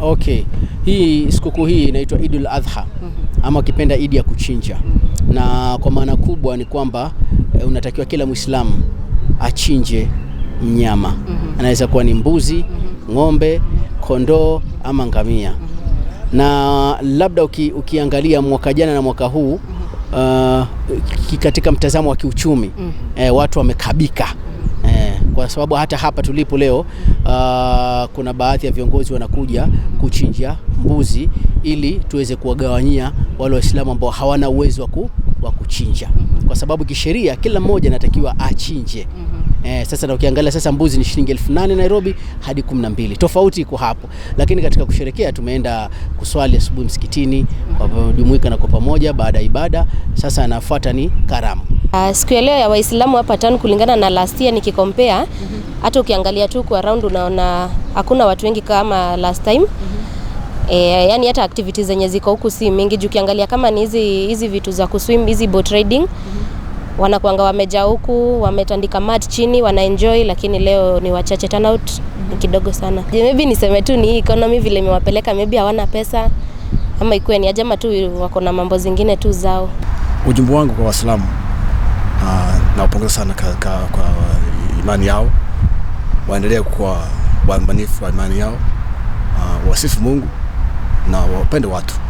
okay. Hii sikukuu hii inaitwa Idul Adha mhm. ama ukipenda Idi ya kuchinja, mhm. na kwa maana kubwa ni kwamba eh, unatakiwa kila Muislamu achinje mnyama, mhm. anaweza kuwa ni mbuzi, ng'ombe, kondoo ama ngamia. Na labda uki, ukiangalia mwaka jana na mwaka huu uh, katika mtazamo wa kiuchumi eh, watu wamekabika kwa sababu hata hapa tulipo leo uh, kuna baadhi ya viongozi wanakuja kuchinja mbuzi ili tuweze kuwagawanyia wale Waislamu ambao hawana uwezo wa kuchinja, mhm. kwa sababu kisheria kila mmoja anatakiwa achinje. Mhm. Eh, sasa na ukiangalia sasa mbuzi ni shilingi elfu nane Nairobi hadi mbili Tofauti iko hapo. Lakini katika kusherekea tumeenda kuswali asubuhi msikitini kwa mhm. na kwa pamoja baada ya ibada. Sasa anafuata ni karamu. Uh, siku ya leo ya Waislamu hapa town kulingana na last year nikikompea, hata mm -hmm. ukiangalia tu kwa round unaona hakuna watu wengi kama last time mm -hmm. e, yani hata activities zenye ziko huku si mingi juu ukiangalia kama ni hizi hizi vitu za kuswim hizi boat riding mm -hmm. wanakuanga wameja huku wametandika mat chini wanaenjoy, lakini leo ni wachache turnout mm -hmm. kidogo sana. Je, maybe niseme tu ni economy vile imewapeleka, maybe hawana pesa ama ikuwe ni ajama tu wako na mambo zingine tu zao. Ujumbe wangu kwa Waislamu nawapongeza sana kwa, kwa, kwa imani yao, waendelee kuwa waaminifu wa imani yao, uh, wasifu Mungu na wapende watu.